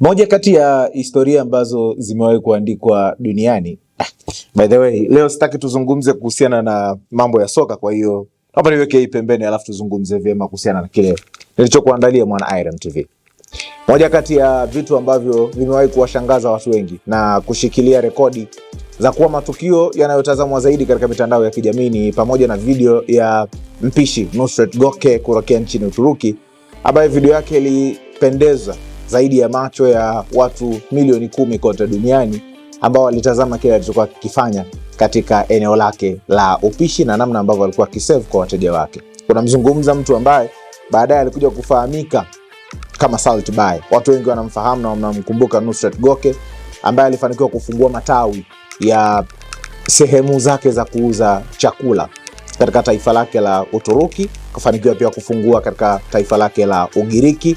Moja kati ya historia ambazo zimewahi kuandikwa duniani. By the way, leo sitaki tuzungumze kuhusiana na mambo ya soka, kwa hiyo hapa niweke hii pembeni, alafu tuzungumze vyema kuhusiana na kile nilichokuandalia mwana Irem TV. Moja kati ya vitu ambavyo vimewahi kuwashangaza watu wengi na kushikilia rekodi za kuwa matukio yanayotazamwa zaidi katika mitandao ya kijamii ni pamoja na video ya mpishi Nusret Goke kurokea nchini Uturuki, ambayo video yake ilipendeza zaidi ya macho ya watu milioni kumi kote duniani ambao walitazama kile alichokuwa kikifanya katika eneo lake la upishi na namna ambavyo alikuwa akiserve kwa wateja wake. Unamzungumza mtu ambaye baadaye alikuja kufahamika kama Salt Bae. Watu wengi wanamfahamu na wanamkumbuka Nusret Goke ambaye alifanikiwa kufungua matawi ya sehemu zake za kuuza chakula katika taifa lake la Uturuki, kafanikiwa pia kufungua katika taifa lake la Ugiriki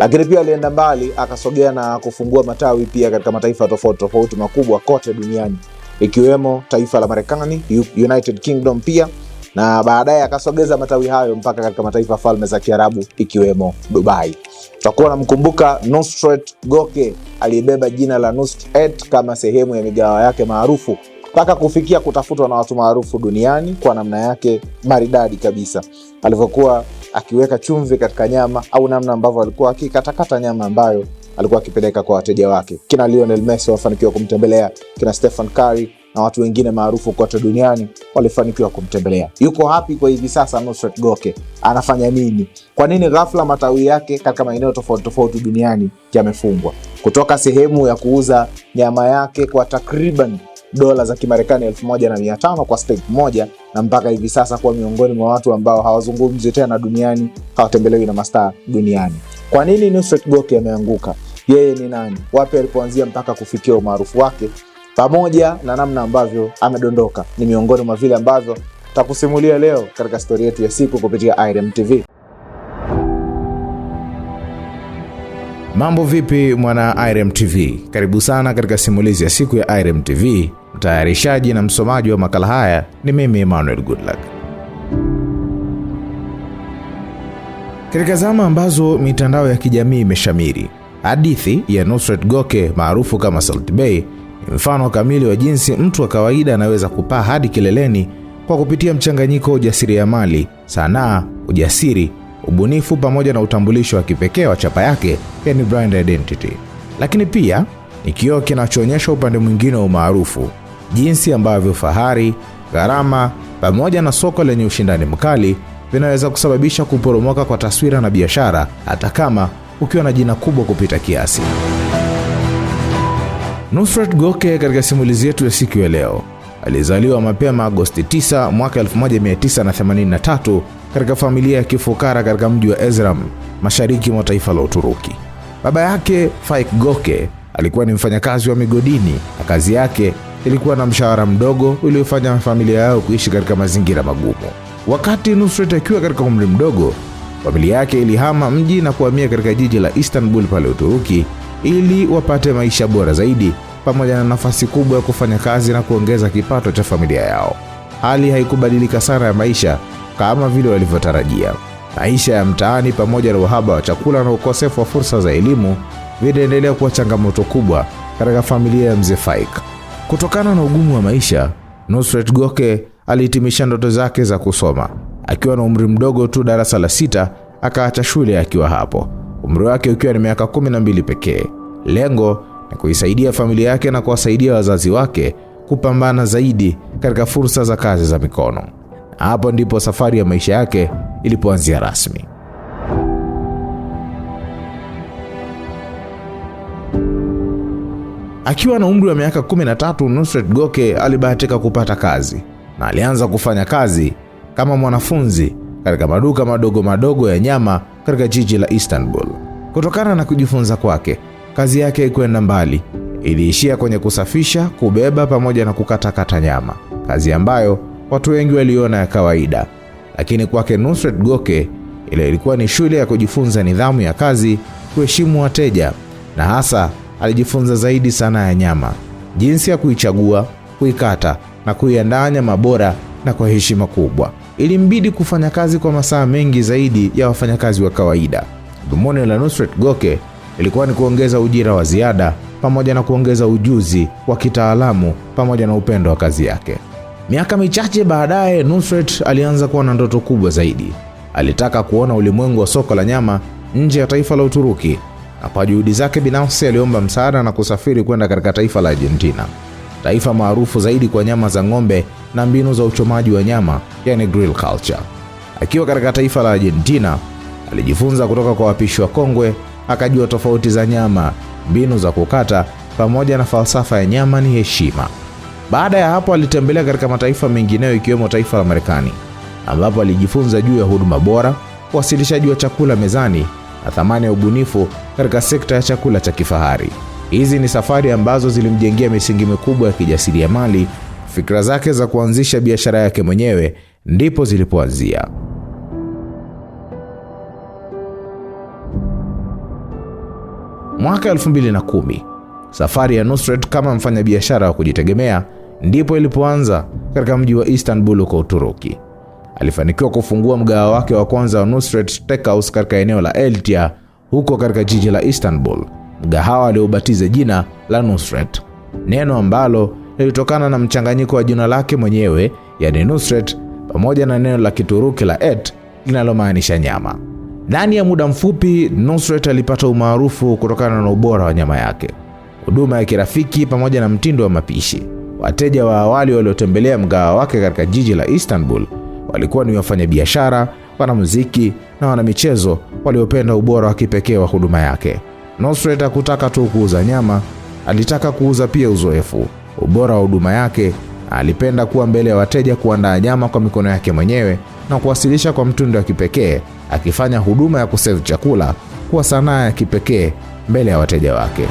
lakini pia alienda mbali akasogea na kufungua matawi pia katika mataifa tofauti tofauti makubwa kote duniani ikiwemo taifa la Marekani, United Kingdom pia na baadaye akasogeza matawi hayo mpaka katika mataifa falme za Kiarabu ikiwemo Dubai. Tutakuwa namkumbuka Nusret Goke aliyebeba jina la Nusret kama sehemu ya migawa yake maarufu mpaka kufikia kutafutwa na watu maarufu duniani kwa namna yake maridadi kabisa alivyokuwa akiweka chumvi katika nyama au namna ambavyo alikuwa akikatakata nyama ambayo alikuwa akipeleka kwa wateja wake. Kina Lionel Messi wafanikiwa kumtembelea, kina Stephen Curry na watu wengine maarufu kote duniani walifanikiwa kumtembelea. Yuko hapi kwa hivi sasa Nusret Goke? Anafanya nini? Kwa nini ghafla matawi yake katika maeneo tofauti tofauti duniani yamefungwa? kutoka sehemu ya kuuza nyama yake kwa takriban dola za Kimarekani 1500 kwa steak moja, na mpaka hivi sasa kuwa miongoni mwa watu ambao hawazungumzi tena duniani, hawatembelewi na mastaa duniani. Kwa nini Nusret Goki ameanguka? Yeye ni nani? Wapi alipoanzia mpaka kufikia umaarufu wake, pamoja na namna ambavyo amedondoka, ni miongoni mwa vile ambavyo takusimulia leo katika stori yetu ya siku kupitia IREM TV. Mambo vipi mwana Irem TV? Karibu sana katika simulizi ya siku ya Irem TV. Mtayarishaji na msomaji wa makala haya ni mimi Emmanuel Goodluck. Katika zama ambazo mitandao ya kijamii imeshamiri, hadithi ya Nusret Goke maarufu kama Salt bay ni mfano kamili wa jinsi mtu wa kawaida anaweza kupaa hadi kileleni kwa kupitia mchanganyiko wa ujasiri ya mali sanaa, ujasiri ubunifu pamoja na utambulisho wa kipekee wa chapa yake, yani brand identity. Lakini pia ni kioo kinachoonyesha upande mwingine wa umaarufu, jinsi ambavyo fahari, gharama pamoja na soko lenye ushindani mkali vinaweza kusababisha kuporomoka kwa taswira na biashara, hata kama ukiwa na jina kubwa kupita kiasi. Nusrat Goke katika simulizi yetu ya siku ya leo alizaliwa mapema Agosti 9 mwaka 1983 katika familia ya kifukara katika mji wa Ezram mashariki mwa taifa la Uturuki. Baba yake Faik Goke alikuwa ni mfanyakazi wa migodini na kazi yake ilikuwa na mshahara mdogo uliofanya familia yao kuishi katika mazingira magumu. Wakati Nusret akiwa katika umri mdogo, familia yake ilihama mji na kuhamia katika jiji la Istanbul pale Uturuki ili wapate maisha bora zaidi pamoja na nafasi kubwa ya kufanya kazi na kuongeza kipato cha familia yao. Hali haikubadilika sana ya maisha kama vile walivyotarajia. Maisha ya mtaani pamoja na uhaba wa chakula na ukosefu wa fursa za elimu vinaendelea kuwa changamoto kubwa katika familia ya mzee Faik. Kutokana na ugumu wa maisha, Nusret Goke alihitimisha ndoto zake za kusoma akiwa na umri mdogo tu, darasa la sita, akaacha shule akiwa hapo, umri wake ukiwa ni miaka kumi na mbili pekee. Lengo ni kuisaidia familia yake na kuwasaidia wazazi wake kupambana zaidi katika fursa za kazi za mikono. Hapo ndipo safari ya maisha yake ilipoanzia rasmi. Akiwa na umri wa miaka 13, Nusret Goke alibahatika kupata kazi na alianza kufanya kazi kama mwanafunzi katika maduka madogo madogo ya nyama katika jiji la Istanbul. Kutokana na kujifunza kwake, kazi yake ikwenda mbali, iliishia kwenye kusafisha, kubeba pamoja na kukatakata nyama, kazi ambayo watu wengi waliona ya kawaida, lakini kwake Nusret Goke ile ilikuwa ni shule ya kujifunza nidhamu ya kazi, kuheshimu wateja, na hasa alijifunza zaidi sanaa ya nyama, jinsi ya kuichagua, kuikata na kuiandaa nyama bora na kwa heshima kubwa. Ilimbidi kufanya kazi kwa masaa mengi zaidi ya wafanyakazi wa kawaida. Dhumuni la Nusret Goke ilikuwa ni kuongeza ujira wa ziada pamoja na kuongeza ujuzi wa kitaalamu pamoja na upendo wa kazi yake. Miaka michache baadaye, Nusret alianza kuwa na ndoto kubwa zaidi. Alitaka kuona ulimwengu wa soko la nyama nje ya taifa la Uturuki, na kwa juhudi zake binafsi aliomba msaada na kusafiri kwenda katika taifa la Argentina, taifa maarufu zaidi kwa nyama za ng'ombe na mbinu za uchomaji wa nyama, yani grill culture. Akiwa katika taifa la Argentina, alijifunza kutoka kwa wapishi wa kongwe, akajua tofauti za nyama, mbinu za kukata, pamoja na falsafa ya nyama ni heshima. Baada ya hapo alitembelea katika mataifa mengineyo ikiwemo taifa la Marekani ambapo alijifunza juu ya huduma bora, uwasilishaji wa chakula mezani na thamani ya ubunifu katika sekta ya chakula cha kifahari. Hizi ni safari ambazo zilimjengea misingi mikubwa ya kijasiriamali. Fikra zake za kuanzisha biashara yake mwenyewe ndipo zilipoanzia. Mwaka 2010, safari ya Nusret kama mfanyabiashara wa kujitegemea ndipo ilipoanza katika mji wa Istanbul kwa Uturuki. Alifanikiwa kufungua mgawa wake wa kwanza wa Nusret Steakhouse katika eneo la Eltia huko katika jiji la Istanbul, mgahawa aliobatiza jina la Nusret, neno ambalo lilitokana na mchanganyiko wa jina lake mwenyewe yani Nusret pamoja na neno la Kituruki la et linalomaanisha nyama. Ndani ya muda mfupi, Nusret alipata umaarufu kutokana na ubora wa nyama yake, huduma ya kirafiki pamoja na mtindo wa mapishi. Wateja wa awali waliotembelea mgawa wake katika jiji la Istanbul walikuwa ni wafanyabiashara, wanamuziki na wanamichezo waliopenda ubora wa kipekee wa huduma yake. Nosrat hakutaka tu kuuza nyama, alitaka kuuza pia uzoefu, ubora wa huduma yake. Alipenda kuwa mbele ya wateja, kuandaa nyama kwa mikono yake mwenyewe na kuwasilisha kwa mtindo wa kipekee, akifanya huduma ya kuserve chakula kuwa sanaa ya kipekee mbele ya wateja wake.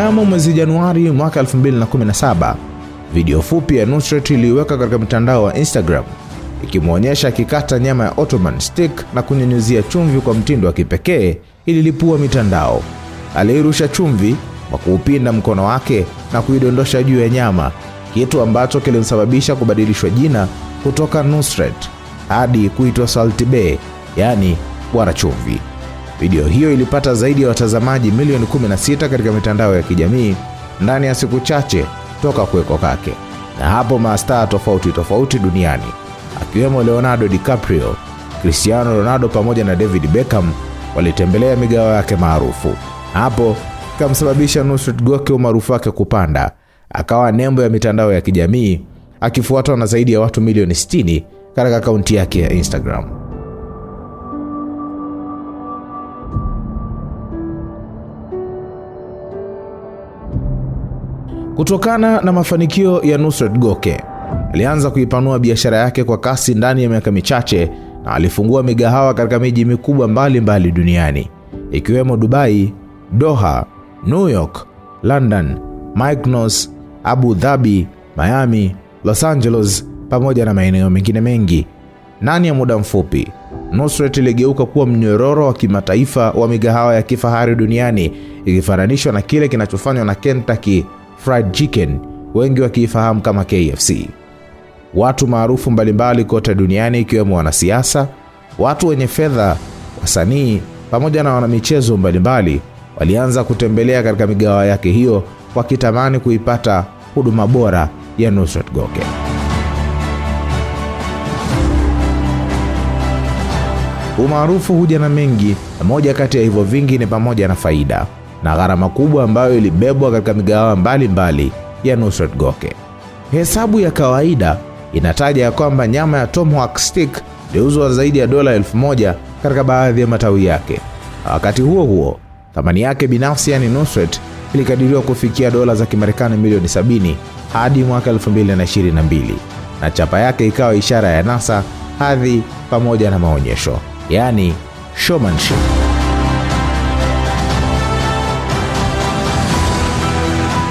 Mnamo mwezi Januari mwaka 2017, video fupi ya Nusret iliweka katika mtandao wa Instagram ikimwonyesha akikata nyama ya Ottoman steak na kunyunyuzia chumvi kwa mtindo wa kipekee. Ililipua mitandao. Aliirusha chumvi kwa kuupinda mkono wake na kuidondosha juu ya nyama, kitu ambacho kilimsababisha kubadilishwa jina kutoka Nusret hadi kuitwa Salt Bae, yaani bwana chumvi. Video hiyo ilipata zaidi ya watazamaji milioni 16 katika mitandao ya kijamii ndani ya siku chache toka kuweko kwake, na hapo mastaa tofauti tofauti duniani akiwemo Leonardo DiCaprio, Cristiano Ronaldo pamoja na David Beckham walitembelea migao yake maarufu. Hapo ikamsababisha nusret goke umaarufu wake kupanda, akawa nembo ya mitandao ya kijamii akifuatwa na zaidi ya watu milioni 60 katika akaunti yake ya Instagram. Kutokana na mafanikio ya Nusret Goke, alianza kuipanua biashara yake kwa kasi ndani ya miaka michache na alifungua migahawa katika miji mikubwa mbalimbali duniani ikiwemo Dubai, Doha, New York, London, Mykonos, Abu Dhabi, Miami, Los Angeles pamoja na maeneo mengine mengi. Ndani ya muda mfupi, Nusret iligeuka kuwa mnyororo wa kimataifa wa migahawa ya kifahari duniani ikifananishwa na kile kinachofanywa na Kentucky fried chicken, wengi wakiifahamu kama KFC. Watu maarufu mbalimbali kote duniani ikiwemo wanasiasa, watu wenye fedha, wasanii pamoja na wanamichezo mbalimbali walianza kutembelea katika migawa yake hiyo wakitamani kuipata huduma bora ya Nusrat Goke. Umaarufu huja na mengi, na moja kati ya hivyo vingi ni pamoja na faida na gharama kubwa ambayo ilibebwa katika migahawa mbalimbali ya Nusret Goke. Hesabu ya kawaida inataja ya kwamba nyama ya tomahawk steak iliuzwa zaidi ya dola elfu moja katika baadhi ya matawi yake. Wakati huo huo, thamani yake binafsi yani Nusret ilikadiriwa kufikia dola za Kimarekani milioni 70 hadi mwaka 2022 na chapa yake ikawa ishara ya nasa, hadhi pamoja na maonyesho, yani showmanship.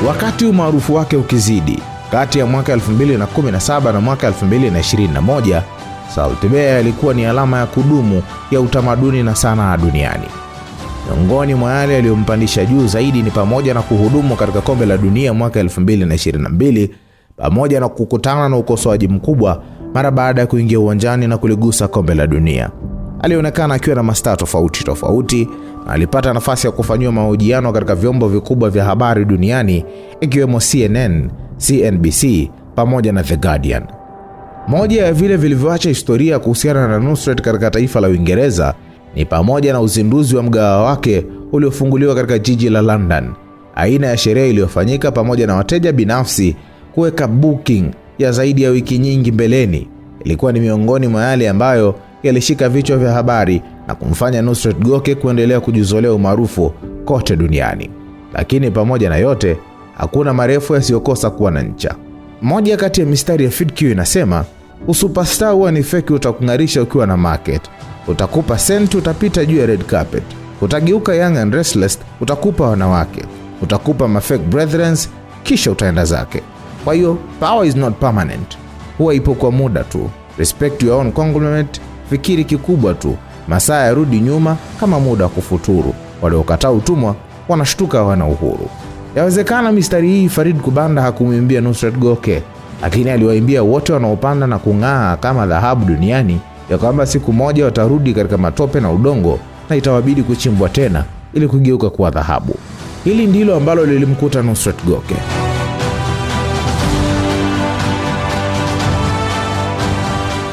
Wakati umaarufu wake ukizidi, kati ya mwaka 2017 na mwaka 2021, Salt Bae ni alama ya kudumu ya utamaduni na sanaa duniani. Miongoni mwa yale yaliyompandisha juu zaidi ni pamoja na kuhudumu katika kombe la dunia mwaka 2022 pamoja na kukutana na ukosoaji mkubwa mara baada ya kuingia uwanjani na kuligusa kombe la dunia. Alionekana akiwa na mastaa tofauti tofauti alipata nafasi ya kufanyiwa mahojiano katika vyombo vikubwa vya habari duniani ikiwemo CNN, CNBC pamoja na The Guardian. Moja ya vile vilivyoacha historia kuhusiana na Nusret katika taifa la Uingereza ni pamoja na uzinduzi wa mgahawa wake uliofunguliwa katika jiji la London, aina ya sherehe iliyofanyika pamoja na wateja binafsi kuweka booking ya zaidi ya wiki nyingi mbeleni. Ilikuwa ni miongoni mwa yale ambayo yalishika vichwa vya habari na kumfanya Nusret Goke kuendelea kujizolea umaarufu kote duniani. Lakini pamoja na yote, hakuna marefu yasiyokosa kuwa na ncha. Moja kati ya mistari ya FIDQ inasema usupastar huwa ni feki, utakung'arisha ukiwa na market, utakupa senti, utapita juu ya red carpet, utageuka young and restless, utakupa wanawake, utakupa mafake brethren, kisha utaenda zake. Kwa hiyo power is not permanent, huwa ipo kwa muda tu. Respect your own conglomerate fikiri kikubwa tu, masaa yarudi nyuma kama muda wa kufuturu. Waliokataa utumwa wanashtuka wana uhuru. Yawezekana mistari hii Farid Kubanda hakumwimbia Nusrat Goke, lakini aliwaimbia wote wanaopanda na kung'aa kama dhahabu duniani ya kwamba siku moja watarudi katika matope na udongo na itawabidi kuchimbwa tena ili kugeuka kuwa dhahabu. Hili ndilo ambalo lilimkuta Nusrat Goke.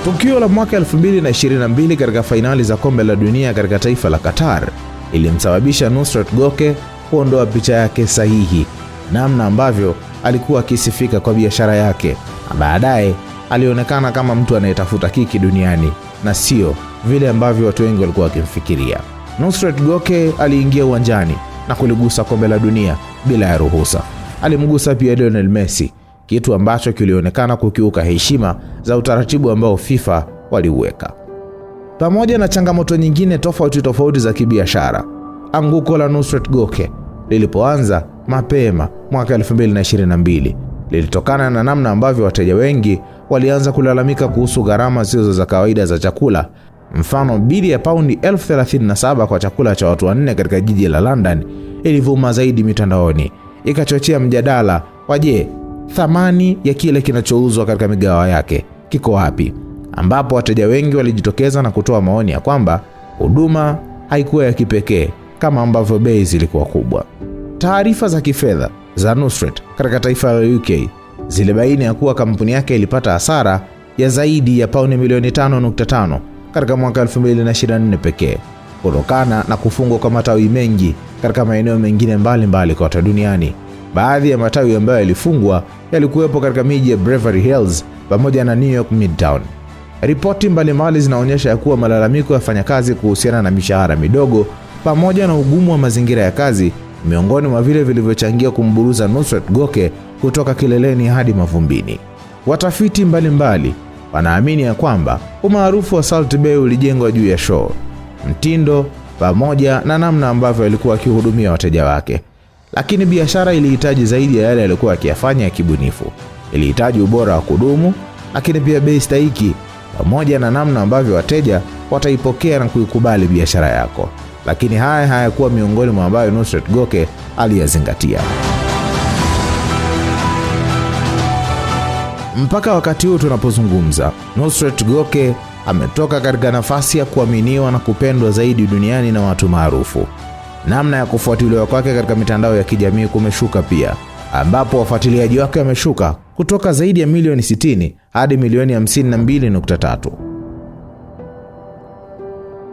Tukio la mwaka 2022 katika fainali za kombe la dunia katika taifa la Qatar ilimsababisha Nusrat Goke kuondoa picha yake sahihi, namna ambavyo alikuwa akisifika kwa biashara yake, na baadaye alionekana kama mtu anayetafuta kiki duniani na sio vile ambavyo watu wengi walikuwa wakimfikiria. Nusrat Goke aliingia uwanjani na kuligusa kombe la dunia bila ya ruhusa. Alimgusa pia Lionel Messi, kitu ambacho kilionekana kukiuka heshima za utaratibu ambao FIFA waliuweka. Pamoja na changamoto nyingine tofauti tofauti za kibiashara, anguko la Nusret Goke lilipoanza mapema mwaka 2022 lilitokana na namna ambavyo wateja wengi walianza kulalamika kuhusu gharama zisizo za kawaida za chakula. Mfano, bili ya paundi 1037 37 kwa chakula cha watu wanne katika jiji la London ilivuma zaidi mitandaoni, ikachochea mjadala wa je, thamani ya kile kinachouzwa katika migawa yake kiko wapi, ambapo wateja wengi walijitokeza na kutoa maoni ya kwamba huduma haikuwa ya kipekee kama ambavyo bei zilikuwa kubwa. Taarifa za kifedha za Nusret katika taifa la UK zilibaini ya kuwa kampuni yake ilipata hasara ya zaidi ya pauni milioni 5.5 katika mwaka 2024 pekee kutokana na kufungwa kwa matawi mengi katika maeneo mengine mbalimbali kote duniani. Baadhi ya matawi ambayo yalifungwa yalikuwepo katika miji ya Beverly Hills pamoja na New York Midtown. Ripoti mbalimbali zinaonyesha ya kuwa malalamiko ya wafanyakazi kuhusiana na mishahara midogo pamoja na ugumu wa mazingira ya kazi miongoni mwa vile vilivyochangia kumburuza Nusret Goke kutoka kileleni hadi mavumbini. Watafiti mbalimbali wanaamini ya kwamba umaarufu wa Salt Bay ulijengwa juu ya show, mtindo pamoja na namna ambavyo alikuwa akihudumia wateja wake, lakini biashara ilihitaji zaidi ya yale alikuwa akiyafanya ya kibunifu ilihitaji ubora wa kudumu, lakini pia bei stahiki pamoja na namna ambavyo wateja wataipokea na kuikubali biashara yako. Lakini haya hayakuwa miongoni mwa ambayo Nusret Goke aliyazingatia. Mpaka wakati huu tunapozungumza, Nusret Goke ametoka katika nafasi ya kuaminiwa na kupendwa zaidi duniani na watu maarufu. Namna ya kufuatiliwa kwake katika mitandao ya kijamii kumeshuka pia, ambapo wafuatiliaji wake wameshuka kutoka zaidi ya milioni 60 hadi milioni 52.3.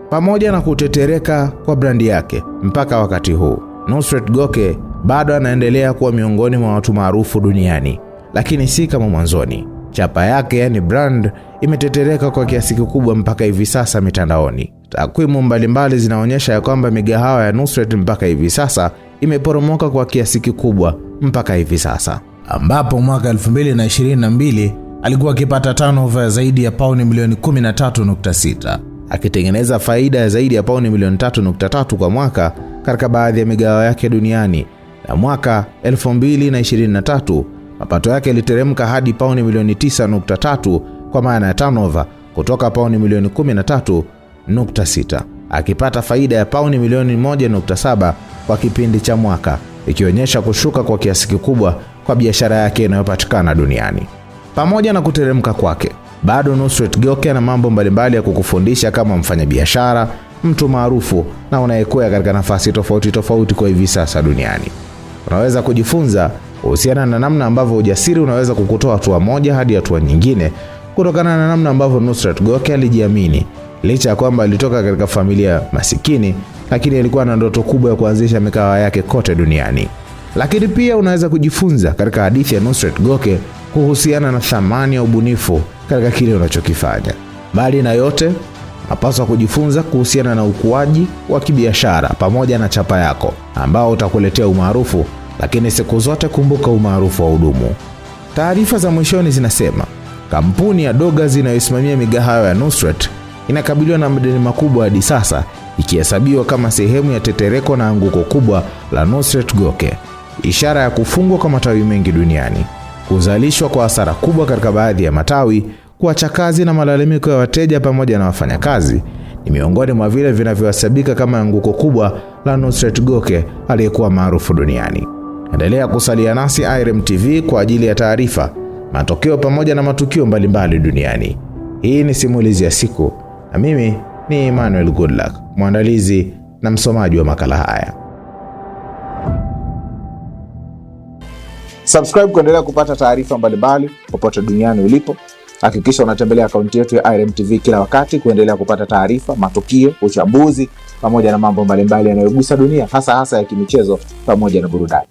Pamoja na kutetereka kwa brandi yake mpaka wakati huu, Nusret Goke bado anaendelea kuwa miongoni mwa watu maarufu duniani, lakini si kama mwanzoni. Chapa yake yani brand imetetereka kwa kiasi kikubwa mpaka hivi sasa mitandaoni. Takwimu mbalimbali zinaonyesha ya kwamba migahawa ya Nusret mpaka hivi sasa imeporomoka kwa kiasi kikubwa mpaka hivi sasa ambapo mwaka 2022 alikuwa akipata turnover zaidi ya pauni milioni 13.6 akitengeneza faida ya zaidi ya pauni milioni 3.3 kwa mwaka katika baadhi ya migawa yake duniani, na mwaka 2023 mapato yake yaliteremka hadi pauni milioni 9.3 kwa maana ya turnover kutoka pauni milioni 13.6 akipata faida ya pauni milioni 1.7 kwa kipindi cha mwaka, ikionyesha kushuka kwa kiasi kikubwa kwa biashara yake inayopatikana duniani. Pamoja na kuteremka kwake, bado Nusret Goke ana mambo mbalimbali ya kukufundisha kama mfanyabiashara, mtu maarufu na unayekwea katika nafasi tofauti tofauti kwa hivi sasa duniani. Unaweza kujifunza kuhusiana na namna ambavyo ujasiri unaweza kukutoa hatua moja hadi hatua nyingine kutokana na namna ambavyo Nusret Goke alijiamini licha ya kwamba alitoka katika familia masikini, lakini alikuwa na ndoto kubwa ya kuanzisha mikawa yake kote duniani. Lakini pia unaweza kujifunza katika hadithi ya Nusret Goke kuhusiana na thamani ya ubunifu katika kile unachokifanya. Mbali na yote, unapaswa kujifunza kuhusiana na ukuaji wa kibiashara pamoja na chapa yako ambao utakuletea umaarufu, lakini siku zote kumbuka umaarufu wa hudumu. Taarifa za mwishoni zinasema kampuni ya Douglas inayosimamia migahawa ya Nusret inakabiliwa na madeni makubwa hadi sasa, ikihesabiwa kama sehemu ya tetereko na anguko kubwa la Nusret Goke ishara ya kufungwa kwa matawi mengi duniani, kuzalishwa kwa hasara kubwa katika baadhi ya matawi, kuacha kazi na malalamiko ya wateja pamoja na wafanyakazi ni miongoni mwa vile vinavyohesabika kama anguko kubwa la Nusret Goke aliyekuwa maarufu duniani. Endelea kusalia nasi IREM TV kwa ajili ya taarifa, matokeo pamoja na matukio mbalimbali duniani. Hii ni simulizi ya siku, na mimi ni Emmanuel Goodluck, mwandalizi na msomaji wa makala haya. Subscribe kuendelea kupata taarifa mbalimbali popote duniani ulipo. Hakikisha unatembelea akaunti yetu ya IREM TV kila wakati kuendelea kupata taarifa, matukio, uchambuzi pamoja na mambo mbalimbali yanayogusa dunia hasa hasa ya kimichezo pamoja na burudani.